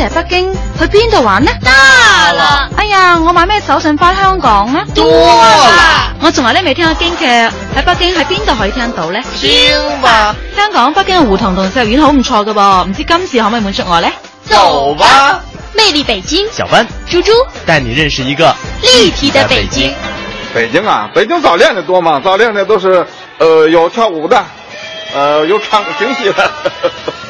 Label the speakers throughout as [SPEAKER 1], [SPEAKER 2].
[SPEAKER 1] 嚟北京去邊度玩呢？得喇了。哎
[SPEAKER 2] 呀，我買咩手信翻香港呢？多啊了。我從來都未聽過京劇，喺北京喺邊度可以聽到呢？聽吧、啊、香港北京嘅胡同同四合院好唔錯嘅噃，唔知道今次可唔可以滿足我呢？
[SPEAKER 1] 走吧。
[SPEAKER 2] 魅力北京？小芬分，豬豬珠，帶你認識一個立體的北京。北京，北京啊，北京早練的多嘛？早練的都是，呃，有跳舞的，呃，有唱京戲的。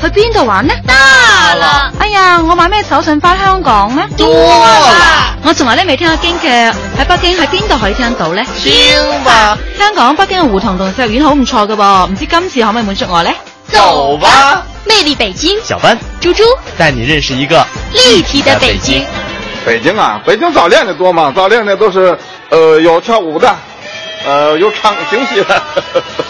[SPEAKER 2] 去邊度玩呢？大啦了！哎呀，我買咩手信翻香港呢？多啦了！我從來都未聽過京劇喺北京喺邊度可以聽到呢聽吧、啊、香港、北京嘅胡同同四合院好唔錯嘅噃，唔知今次可唔可以滿足我呢走吧魅力北京？小啦芬！豬豬帶你認識一個立體的北京。北京啊，北京早練嘅多嘛，早練嘅都是，呃，有跳舞的，呃，有唱京戲嘅。